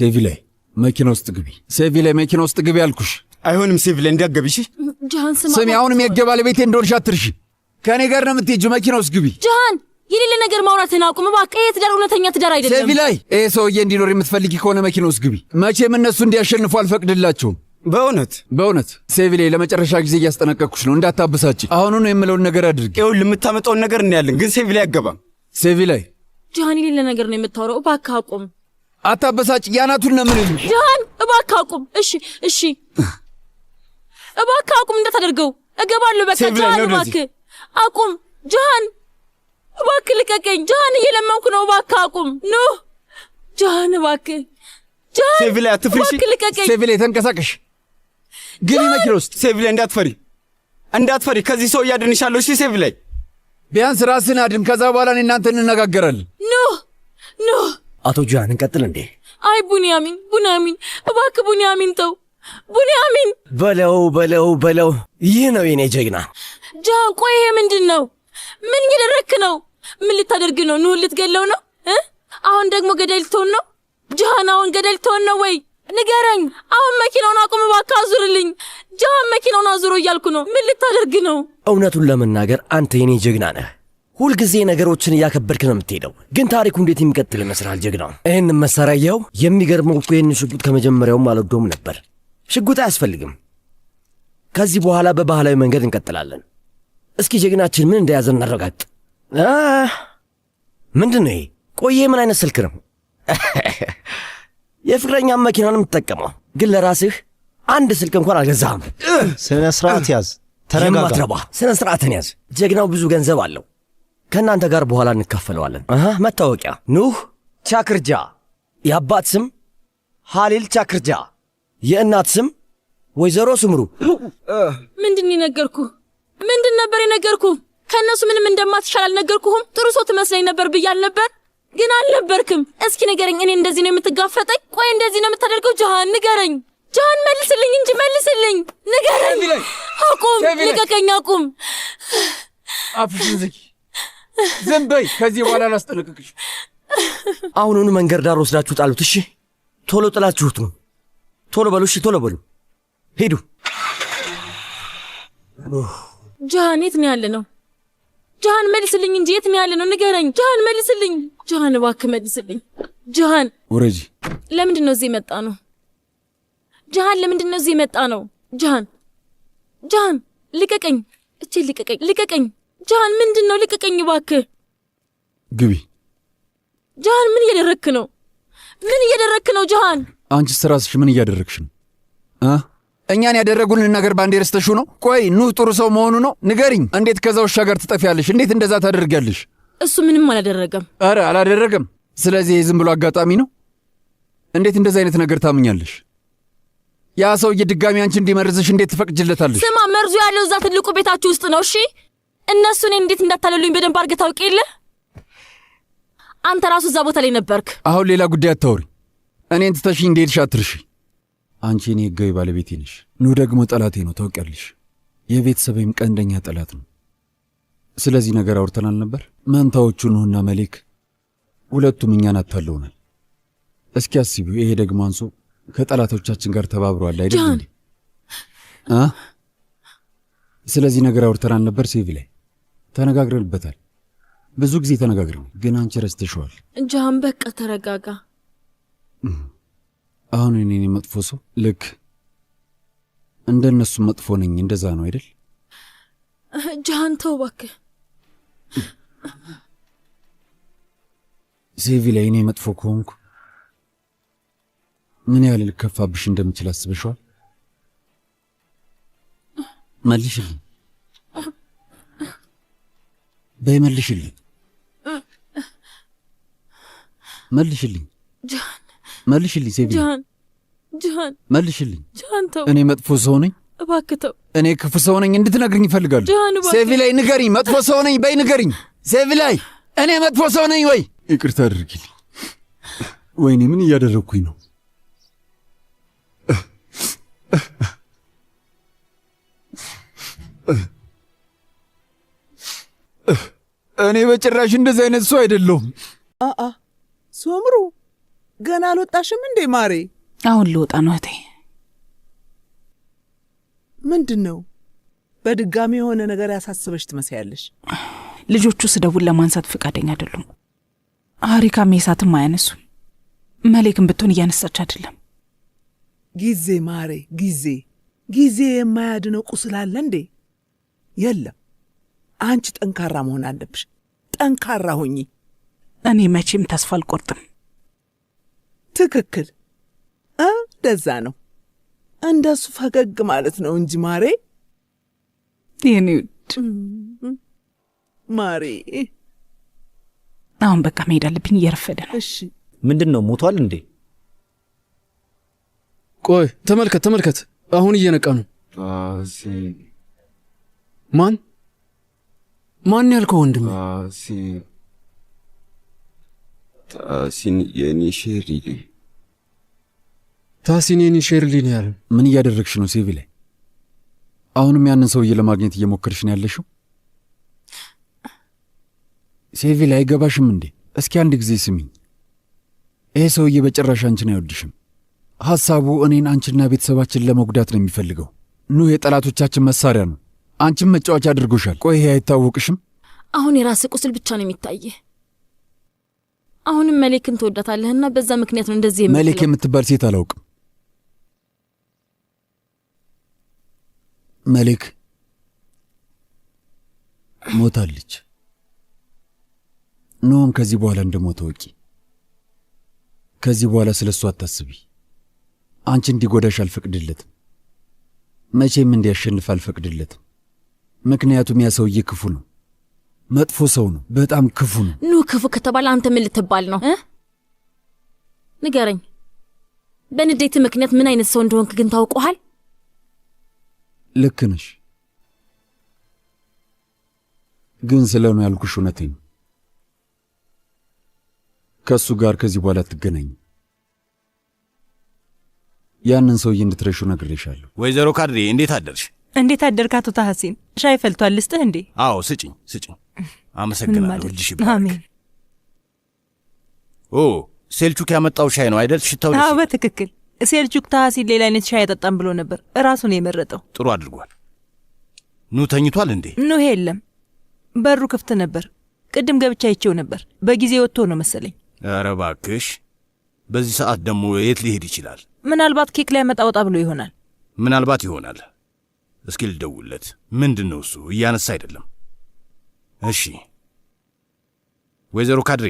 ሴቪላይ መኪና ውስጥ ግቢ። ሴቪላይ መኪና ውስጥ ግቢ አልኩሽ። አይሆንም ሴቪላይ እንዲያገብሽ። ጃሃን ስሚ፣ አሁንም የህግ ባለቤቴ እንደሆንሽ አትርሺ። ከእኔ ጋር ነው የምትሄጂው። መኪና ውስጥ ግቢ። ጃሃን የሌለ ነገር ማውራትን አቁም እባክህ። ይሄ ትዳር እውነተኛ ትዳር አይደለም። ሴቪላይ ይህ ሰውዬ እንዲኖር የምትፈልጊ ከሆነ መኪና ውስጥ ግቢ። መቼም እነሱ እንዲያሸንፉ አልፈቅድላቸውም። በእውነት በእውነት ሴቪሌ፣ ለመጨረሻ ጊዜ እያስጠነቀቅኩሽ ነው፣ እንዳታበሳጭ። አሁኑን የምለውን ነገር አድርግ። ይኸውልህ የምታመጣውን ነገር እናያለን፣ ግን ሴቪሌ አይገባም። ሴቪላይ ጃሃን፣ የሌለ ነገር ነው የምታወራው፣ እባክህ አቁም። አታበሳጭ። ያናቱን ነው ምን ጃን፣ እባክህ አቁም። እሺ፣ እሺ፣ እባክህ አቁም። እንዳታደርገው እገባለሁ። በቃ ጃን፣ እባክህ አቁም። ጃን፣ እባክህ ልቀቀኝ። ጃን፣ እየለመንኩ ነው። እባክህ አቁም። ኖ ጃን፣ እባክህ ጃን፣ ሴቪላ አትፍሪሽ። ልቀቀኝ ሴቪላ፣ ተንቀሳቀሽ። ግቢ መኪና ውስጥ ሴቪላ። እንዳትፈሪ፣ እንዳትፈሪ። ከዚህ ሰው እያድንሻለሁ። እሺ ሴቪላ፣ ቢያንስ ራስን አድን። ከዛ በኋላ እኔ እናንተ እንነጋገራለን። ኖ ኖ አቶ ጆያን እንቀጥል እንዴ? አይ ቡንያሚን፣ ቡንያሚን እባክህ ቡንያሚን ተው፣ ቡንያሚን በለው በለው በለው። ይህ ነው የኔ ጀግና ጃን። ቆይ ይሄ ምንድን ነው? ምን እየደረክ ነው? ምን ልታደርግ ነው? ኑህ ልትገለው ነው? አሁን ደግሞ ገደል ነው? ጃሃን አሁን ገደል ነው ወይ? ንገረኝ። አሁን መኪናውን አቁም እባክህ፣ አዙርልኝ። ጃሃን መኪናውን አዙሮ እያልኩ ነው። ምን ልታደርግ ነው? እውነቱን ለመናገር አንተ የኔ ጀግና ነህ። ሁልጊዜ ነገሮችን እያከበድክ ነው የምትሄደው። ግን ታሪኩ እንዴት የሚቀጥል ይመስላል ጀግና? ይህን መሳሪያየው የሚገርመው እኮ ይህን ሽጉጥ ከመጀመሪያውም አልወደውም ነበር። ሽጉጥ አያስፈልግም። ከዚህ በኋላ በባህላዊ መንገድ እንቀጥላለን። እስኪ ጀግናችን ምን እንደያዘ እናረጋግጥ። ምንድን ነው ይሄ? ቆየ፣ ምን አይነት ስልክ ነው? የፍቅረኛ መኪናን የምትጠቀመው ግን ለራስህ አንድ ስልክ እንኳን አልገዛህም። ስነ ስርዓት ያዝ፣ ተረጋጋ። ስነ ስርዓትን ያዝ። ጀግናው ብዙ ገንዘብ አለው ከእናንተ ጋር በኋላ እንካፈለዋለን። መታወቂያ ኑህ ቻክርጃ፣ የአባት ስም ሃሊል ቻክርጃ፣ የእናት ስም ወይዘሮ ስምሩ። ምንድን ነገርኩ? ምንድን ነበር የነገርኩ? ከእነሱ ምንም እንደማትሻል አልነገርኩሁም? ጥሩ ሰው ትመስለኝ ነበር ብዬ አልነበር? ግን አልነበርክም። እስኪ ንገረኝ፣ እኔ እንደዚህ ነው የምትጋፈጠኝ? ቆይ እንደዚህ ነው የምታደርገው? ጃሃን ንገረኝ፣ ጃሃን መልስልኝ እንጂ መልስልኝ፣ ንገረኝ። አቁም፣ ልቀቀኝ፣ አቁም። አፍሽን ዝጊ ዝም በይ። ከዚህ በኋላ ላስጠነቅቅሽ። አሁኑኑ መንገድ ዳር ወስዳችሁ ጣሉት። እሺ፣ ቶሎ ጥላችሁት ነው። ቶሎ በሉ፣ እሺ፣ ቶሎ በሉ፣ ሂዱ። ጃሃን፣ የት ነው ያለ ነው? ጃሃን መልስልኝ እንጂ የት ነው ያለ ነው? ንገረኝ ጃሃን፣ መልስልኝ። ጃሃን፣ እባክህ መልስልኝ። ጃሃን፣ ውረጂ። ለምንድን ነው እዚህ የመጣ ነው? ጃሃን፣ ለምንድን ነው እዚህ የመጣ ነው? ጃሃን፣ ጃሃን፣ ልቀቀኝ። እቼ ልቀቀኝ፣ ልቀቀኝ ጃሃን ምንድን ነው? ልቅቀኝ እባክህ። ግቢ። ጃሃን ምን እያደረግክ ነው? ምን እያደረግክ ነው ጃሃን? አንቺ ስራስሽ ምን እያደረግሽ ነው? እኛን ያደረጉልን ነገር ባንዴ ረስተሹ ነው? ቆይ ኑህ ጥሩ ሰው መሆኑ ነው? ንገሪኝ። እንዴት ከዛ ውሻ ጋር ትጠፊያለሽ? እንዴት እንደዛ ታደርጊያለሽ? እሱ ምንም አላደረገም። አረ አላደረገም። ስለዚህ ዝም ብሎ አጋጣሚ ነው? እንዴት እንደዚ አይነት ነገር ታምኛለሽ? ያ ሰውዬ ድጋሚ አንቺ እንዲመርዝሽ እንዴት ትፈቅጅለታለሽ? ስማ፣ መርዙ ያለው እዛ ትልቁ ቤታችሁ ውስጥ ነው። እሺ እነሱ እኔን እንዴት እንዳታለሉኝ በደንብ አድርገህ ታውቅ የለ አንተ ራሱ እዛ ቦታ ላይ ነበርክ። አሁን ሌላ ጉዳይ አታውሪ። እኔን ትተሽኝ እንደሄድሽ አትርሺ። አንቺ እኔ ህጋዊ ባለቤቴ ነሽ። ኑ ደግሞ ጠላቴ ነው ታውቂያለሽ። የቤተሰቤም ቀንደኛ ጠላት ነው። ስለዚህ ነገር አውርተናል ነበር። መንታዎቹ ኑህና መሌክ ሁለቱም እኛን አታለውናል። እስኪ አስቢው። ይሄ ደግሞ አንሶ ከጠላቶቻችን ጋር ተባብሯል አይደል? ስለዚህ ነገር አውርተናል ነበር ሴቪ ላይ ተነጋግረንበታል። ብዙ ጊዜ ተነጋግረን፣ ግን አንቺ ረስተሽዋል። ጃን በቃ ተረጋጋ። አሁን እኔ መጥፎ ሰው ልክ እንደ እነሱ መጥፎ ነኝ፣ እንደዛ ነው አይደል? ጃን ተው እባክህ። ሴቪ ላይ እኔ መጥፎ ከሆንኩ ምን ያህል ልከፋብሽ እንደምችል አስበሽዋል? መልሽልኝ። በይ መልሽልኝ፣ መልሽልኝ፣ መልሽልኝ፣ ሴቪ ጃን መልሽልኝ። ጃን ተው። እኔ መጥፎ ሰው ነኝ? እባክህ ተው። እኔ ክፉ ሰው ነኝ እንድትነግርኝ ይፈልጋሉ። ሴቪ ላይ ንገሪኝ፣ መጥፎ ሰው ነኝ በይ ንገሪኝ። ሴቪ ላይ እኔ መጥፎ ሰው ነኝ ወይ? ይቅርታ አድርጊልኝ። ወይኔ ምን እያደረግኩኝ ነው? እኔ በጭራሽ እንደዚህ አይነት ሰው አይደለሁም። አአ ሶምሩ ገና አልወጣሽም እንዴ ማሬ? አሁን ልወጣ ነው እቴ። ምንድን ነው በድጋሚ የሆነ ነገር ያሳስበሽ ትመስያለሽ። ልጆቹ ስደቡን ለማንሳት ፈቃደኛ አይደሉም። አሪካም የሳትም አያነሱም። መሌክም ብትሆን እያነሳች አይደለም። ጊዜ ማሬ፣ ጊዜ ጊዜ የማያድነው ቁስል አለ እንዴ? የለም አንቺ ጠንካራ መሆን አለብሽ። ጠንካራ ሁኚ። እኔ መቼም ተስፋ አልቆርጥም። ትክክል እ ደዛ ነው እንደሱ ፈገግ ማለት ነው እንጂ ማሬ፣ የኔ ውድ ማሬ። አሁን በቃ መሄድ አለብኝ፣ እየረፈደ ነው። እሺ ምንድን ነው ሞቷል እንዴ? ቆይ ተመልከት፣ ተመልከት። አሁን እየነቃ ነው። ማን ማን ያልከው ወንድሜ? ታሲን የኔ ሼሪ ታሲን የኔ ሼሪ ነው ያለ። ምን እያደረግሽ ነው ሲቪ ላይ? አሁንም ያንን ሰውዬ ለማግኘት እየሞከርሽ ነው ያለሽው? ሴቪ ላይ አይገባሽም እንዴ? እስኪ አንድ ጊዜ ስሚኝ። ይሄ ሰውዬ በጭራሽ አንችን አይወድሽም። ሐሳቡ እኔን፣ አንችና ቤተሰባችን ለመጉዳት ነው የሚፈልገው። ኑ የጠላቶቻችን መሳሪያ ነው። አንቺም መጫወቻ አድርጎሻል። ቆይ አይታወቅሽም። አሁን የራስ ቁስል ብቻ ነው የሚታየ። አሁንም መሌክን ትወዳታለህና በዛ ምክንያት ነው እንደዚህ። መሌክ የምትባል ሴት አላውቅም። መሌክ ሞታለች። ኖም ከዚህ በኋላ እንደሞተ ወቂ። ከዚህ በኋላ ስለ እሱ አታስቢ። አንቺ እንዲጎዳሽ አልፈቅድለትም። መቼም እንዲያሸንፍ አልፈቅድለትም። ምክንያቱም ያ ሰውዬ ክፉ ነው፣ መጥፎ ሰው ነው፣ በጣም ክፉ ነው። ኑ ክፉ ከተባለ አንተ ምን ልትባል ነው? ንገረኝ። በንዴት ምክንያት ምን አይነት ሰው እንደሆንክ ግን ታውቀሃል። ልክ ነሽ፣ ግን ስለ ነው ያልኩሽ እውነቴን። ከእሱ ጋር ከዚህ በኋላ ትገናኝ። ያንን ሰውዬ እንድትረሹ ነግሬሻለሁ። ወይዘሮ ካድሬ እንዴት አደርሽ? እንዴት አደርክ አቶ ታሐሴን? ሻይ ፈልቷል፣ ልስጥህ እንዴ? አዎ ስጭኝ ስጭኝ። አመሰግናለሁ። እጅሽ ይባርክ። ኦ ሴልቹክ ያመጣው ሻይ ነው አይደል? ሽታው አዎ፣ በትክክል ሴልቹክ ታሐሴን ሌላ አይነት ሻይ ያጠጣም ብሎ ነበር። ራሱ ነው የመረጠው። ጥሩ አድርጓል። ኑ ተኝቷል እንዴ? ኑ የለም፣ በሩ ክፍት ነበር። ቅድም ገብቻ አይቼው ነበር። በጊዜ ወጥቶ ነው መሰለኝ። ኧረ እባክሽ፣ በዚህ ሰዓት ደግሞ የት ሊሄድ ይችላል? ምናልባት ኬክ ላይ ወጣ ብሎ ይሆናል። ምናልባት ይሆናል እስኪ ልደውልለት። ምንድን ነው እሱ እያነሳ አይደለም። እሺ ወይዘሮ ካድሬ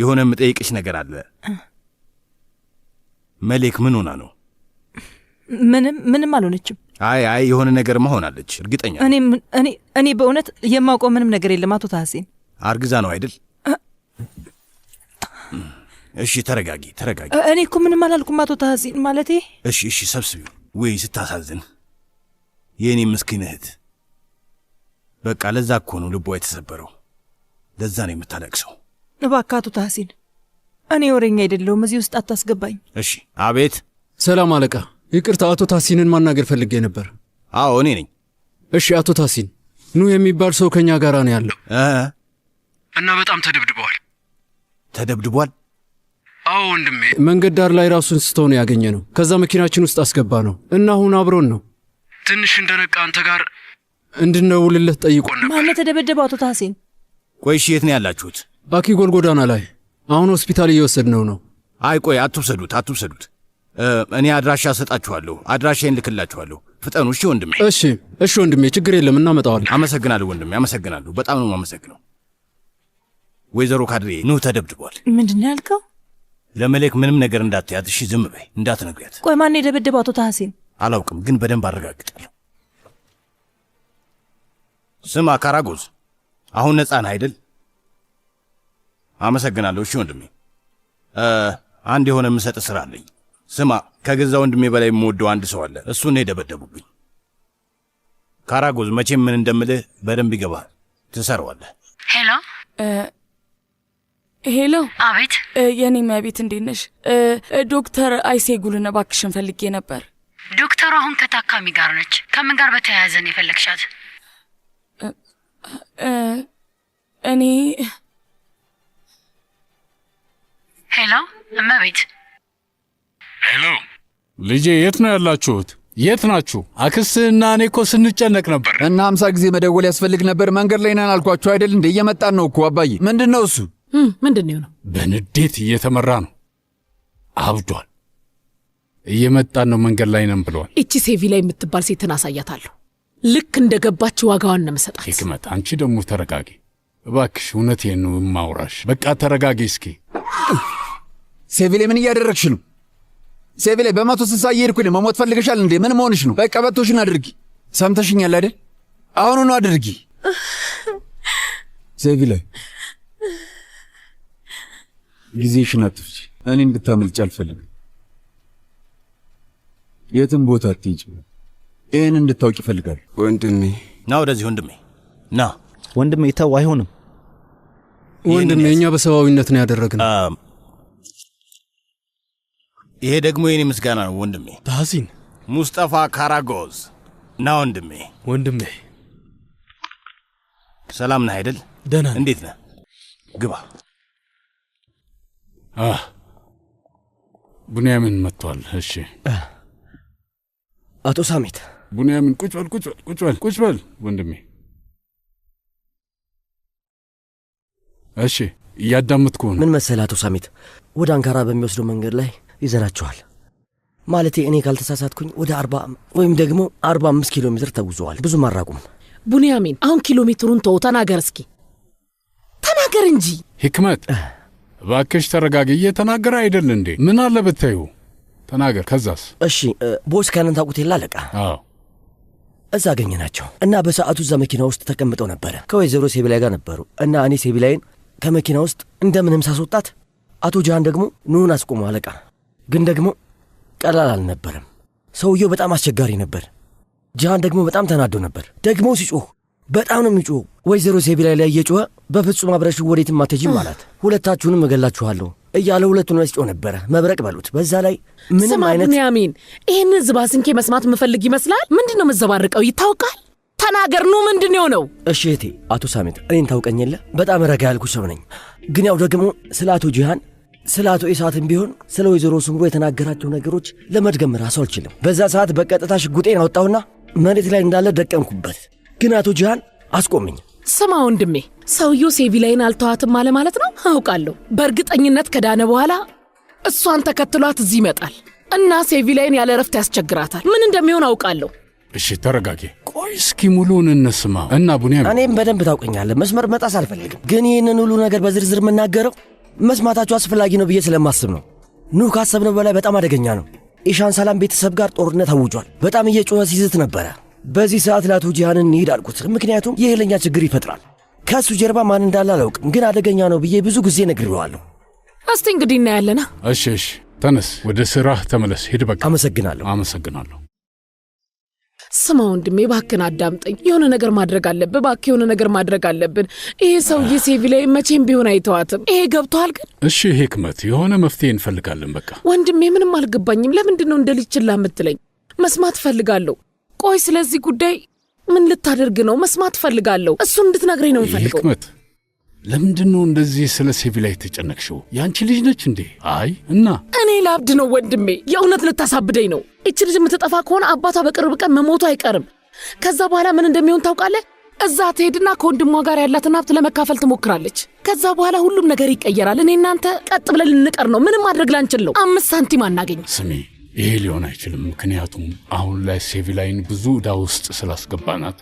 የሆነ የምጠይቅሽ ነገር አለ። መሌክ ምን ሆና ነው? ምንም ምንም አልሆነችም። አይ አይ የሆነ ነገርማ ሆናለች እርግጠኛ። እኔ በእውነት የማውቀው ምንም ነገር የለም አቶ ታሐሴን አርግዛ ነው አይደል? እሺ ተረጋጊ፣ ተረጋጊ። እኔ እኮ ምንም አላልኩም አቶ ታሐሴን ማለቴ። እሺ እሺ ሰብስቢ። ወይ ስታሳዝን የእኔ ምስኪን እህት በቃ ለዛ እኮ ነው ልቧ የተሰበረው። ለዛ ነው የምታለቅሰው። አቶ ታሲን፣ እኔ ወሬኛ አይደለሁም። እዚህ ውስጥ አታስገባኝ እሺ። አቤት። ሰላም አለቃ፣ ይቅርታ አቶ ታሲንን ማናገር ፈልጌ ነበር። አዎ እኔ ነኝ። እሺ አቶ ታሲን፣ ኑ የሚባል ሰው ከእኛ ጋር ነው ያለው እና በጣም ተደብድበዋል። ተደብድቧል? አዎ ወንድሜ፣ መንገድ ዳር ላይ ራሱን ስተው ነው ያገኘ ነው። ከዛ መኪናችን ውስጥ አስገባ ነው እና አሁን አብሮን ነው ትንሽ እንደነቃ አንተ ጋር እንድንደውልልህ ጠይቆ ነበር። ማነው የተደበደበው? አቶ ታህሴን። ቆይ እሺ፣ የት ነው ያላችሁት? አኪጎል ጎዳና ላይ። አሁን ሆስፒታል እየወሰድነው ነው። አይ ቆይ፣ አትውሰዱት፣ አትውሰዱት። እኔ አድራሻ እሰጣችኋለሁ፣ አድራሻዬን ልክላችኋለሁ። ፍጠኑ። እሺ ወንድሜ። እሺ፣ እሺ ወንድሜ፣ ችግር የለም እናመጣዋለን። አመሰግናለሁ ወንድሜ፣ አመሰግናለሁ። በጣም ነው የማመሰግነው። ወይዘሮ ካድሬ ኑ፣ ተደብድቧል። ምንድን ነው ያልከው? ለመልክ ምንም ነገር እንዳትያት እሺ። ዝም በይ፣ እንዳትነግሪያት። ቆይ ማነው የደበደበው? አቶ ታህሴን አላውቅም፣ ግን በደንብ አረጋግጫለሁ። ስም አካራጎዝ፣ አሁን ነፃን አይደል? አመሰግናለሁ። እሺ ወንድሜ፣ አንድ የሆነ የምሰጥ ስራ አለኝ። ስማ፣ ከገዛ ወንድሜ በላይ የምወደው አንድ ሰው አለ። እሱን የደበደቡብኝ። ካራጎዝ፣ መቼም ምን እንደምልህ በደንብ ይገባል። ትሰራዋለህ። ሄሎ ሄሎ። አቤት። የኔ ሚያ ቤት እንዴት ነሽ? ዶክተር ጉልነ ባክሽን ፈልጌ ነበር። ዶክተሩ አሁን ከታካሚ ጋር ነች። ከምን ጋር በተያያዘ ነው የፈለግሻት? እኔ ሄሎ፣ እመቤት። ሄሎ፣ ልጄ፣ የት ነው ያላችሁት? የት ናችሁ? አክስትህና እኔ እኮ ስንጨነቅ ነበር እና አምሳ ጊዜ መደወል ያስፈልግ ነበር። መንገድ ላይ ነን አልኳችሁ አይደል እንዴ? እየመጣን ነው እኮ አባዬ። ምንድን ነው እሱ? ምንድን ነው? በንዴት እየተመራ ነው። አብዷል። እየመጣን ነው፣ መንገድ ላይ ነን ብለዋል። እቺ ሴቪ ላይ የምትባል ሴትን አሳያታለሁ። ልክ እንደ ገባች ዋጋዋን ነው የምሰጣት። ህክመት፣ አንቺ ደግሞ ተረጋጊ እባክሽ። እውነቴን ነው የማውራሽ። በቃ ተረጋጊ እስኪ። ሴቪ ላይ ምን እያደረግሽ ነው? ሴቪ ላይ በመቶ ስልሳ እየሄድኩ መሞት ፈልገሻል እንዴ? ምን መሆንሽ ነው? በቃ በቶሽን አድርጊ። ሰምተሽኛል አይደል? አሁኑ ነው አድርጊ። ሴቪ ላይ ጊዜሽን አትፍጪ። እኔ እንድታመልጭ አልፈልግም። የትም ቦታ አትሄጂ። ይህን እንድታውቅ ይፈልጋል ወንድሜ። ና ወደዚህ ወንድሜ፣ ና ወንድሜ። ተው፣ አይሆንም ወንድሜ። እኛ በሰብአዊነት ነው ያደረግነው። ይሄ ደግሞ የኔ ምስጋና ነው ወንድሜ። ታህሲን ሙስጠፋ ካራጎዝ፣ ና ወንድሜ። ወንድሜ ሰላም ነህ አይደል? ደህና። እንዴት ነህ? ግባ። ቡንያምን መጥቷል። እሺ አቶ ሳሜት ቡንያምን፣ ቁጭ በል ቁጭ በል ቁጭ በል ቁጭ በል ወንድሜ። እሺ እያዳመጥኩ ነው። ምን መሰለህ አቶ ሳሜት፣ ወደ አንካራ በሚወስደው መንገድ ላይ ይዘራችኋል። ማለቴ እኔ ካልተሳሳትኩኝ ወደ አርባ ወይም ደግሞ አርባ አምስት ኪሎ ሜትር ተጉዘዋል። ብዙም አራቁም። ቡንያሚን፣ አሁን ኪሎ ሜትሩን ተው፣ ተናገር እስኪ ተናገር እንጂ። ህክመት እባክሽ ተረጋግዬ ተናገረ አይደል እንዴ? ምን አለ ብታዩ ተናገር። ከዛስ? እሺ ቦስ ከነን ታውቁት የለ አለቃ? አዎ እዛ ናቸው እና በሰዓቱ እዛ መኪና ውስጥ ተቀምጠው ነበረ። ከወይዘሮ ሴቢላይ ጋር ነበሩ እና እኔ ሴቢላይን ከመኪና ውስጥ እንደምንም ሳስወጣት፣ አቶ ጃን ደግሞ ኑሁን አስቆሙ አለቃ። ግን ደግሞ ቀላል አልነበረም። ሰውየው በጣም አስቸጋሪ ነበር። ጃን ደግሞ በጣም ተናዶ ነበር። ደግሞ ሲጮህ በጣም ነው የሚጮ ወይዘሮ ሴቢላ ላይ እየጮኸ በፍጹም አብረሽ ወዴትም አትሄጂም አላት። ሁለታችሁንም እገላችኋለሁ እያለ ሁለቱን መስጮ ነበረ። መብረቅ በሉት። በዛ ላይ ምንም አይነት ቡንያሚን፣ ይህንን ዝባዝንኬ መስማት የምፈልግ ይመስላል። ምንድን ነው መዘባርቀው? ይታወቃል። ተናገር ኑ፣ ምንድን ነው? እሺ እህቴ፣ አቶ ሳሜት፣ እኔን ታውቀኝ የለ በጣም ረጋ ያልኩ ሰው ነኝ። ግን ያው ደግሞ ስለ አቶ ጂሃን ስለ አቶ ኢሳትም ቢሆን ስለ ወይዘሮ ስምሮ የተናገራቸው ነገሮች ለመድገም ራሱ አልችልም። በዛ ሰዓት በቀጥታ ሽጉጤን አወጣሁና መሬት ላይ እንዳለ ደቀምኩበት። ግን አቶ ጂሃን አስቆምኝ። ስማ ወንድሜ፣ ሰውየው ሴቪላይን አልተዋትም አለ ማለት ነው። አውቃለሁ። በእርግጠኝነት ከዳነ በኋላ እሷን ተከትሏት እዚህ ይመጣል እና ሴቪላይን ያለ እረፍት ያስቸግራታል። ምን እንደሚሆን አውቃለሁ። እሺ ተረጋጊ። ቆይ እስኪ ሙሉውን እንስማ እና ቡኒ፣ እኔም በደንብ ታውቀኛለህ። መስመር መጣስ አልፈልግም፣ ግን ይህንን ሁሉ ነገር በዝርዝር የምናገረው መስማታችሁ አስፈላጊ ነው ብዬ ስለማስብ ነው። ኑ ካሰብነው በላይ በጣም አደገኛ ነው። ኢሻን ሰላም ቤተሰብ ጋር ጦርነት አውጇል። በጣም እየጮኸ ሲዝት ነበረ። በዚህ ሰዓት ለአቶ ጂሃንን እንሂድ አልኩት። ምክንያቱም ይህ ለኛ ችግር ይፈጥራል። ከእሱ ጀርባ ማን እንዳለ አላውቅም፣ ግን አደገኛ ነው ብዬ ብዙ ጊዜ ነግሬዋለሁ። እስቲ እንግዲህ እናያለና። እሺ፣ እሺ፣ ተነስ፣ ወደ ስራህ ተመለስ፣ ሂድ። በቃ አመሰግናለሁ። አመሰግናለሁ። ስማ ወንድሜ፣ እባክህን አዳምጠኝ። የሆነ ነገር ማድረግ አለብን። እባክህ የሆነ ነገር ማድረግ አለብን። ይሄ ሰውዬ ሴቪ ላይ መቼም ቢሆን አይተዋትም። ይሄ ገብቶሃል? ግን እሺ ህክመት፣ የሆነ መፍትሄ እንፈልጋለን። በቃ ወንድሜ፣ ምንም አልገባኝም። ለምንድን ነው እንደ ልጅ ችላ የምትለኝ? መስማት እፈልጋለሁ። ቆይ ስለዚህ ጉዳይ ምን ልታደርግ ነው? መስማት ፈልጋለሁ እሱን እንድትነግረኝ ነው የምፈልገው። ህክመት፣ ለምንድን ነው እንደዚህ ስለ ሴቪላ የተጨነቅሽው? የአንቺ ልጅ ነች እንዴ? አይ እና እኔ ለአብድ ነው ወንድሜ። የእውነት ልታሳብደኝ ነው። ይች ልጅ የምትጠፋ ከሆነ አባቷ በቅርብ ቀን መሞቱ አይቀርም። ከዛ በኋላ ምን እንደሚሆን ታውቃለህ? እዛ ትሄድና ከወንድሟ ጋር ያላትን ሀብት ለመካፈል ትሞክራለች። ከዛ በኋላ ሁሉም ነገር ይቀየራል። እኔ እናንተ ቀጥ ብለን ልንቀር ነው። ምንም ማድረግ ላንችል ነው። አምስት ሳንቲም አናገኝ። ስሜ ይሄ ሊሆን አይችልም። ምክንያቱም አሁን ላይ ሴቪላይን ብዙ ዕዳ ውስጥ ስላስገባናት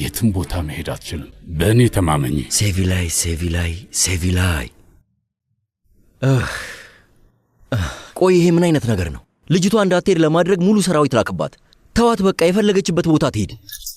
የትም ቦታ መሄድ አትችልም። በእኔ ተማመኝ። ሴቪላይ ሴቪላይ ሴቪላይ። ቆይ ይሄ ምን አይነት ነገር ነው? ልጅቷ እንዳትሄድ ለማድረግ ሙሉ ሰራዊት ላክባት። ተዋት፣ በቃ የፈለገችበት ቦታ ትሄድ።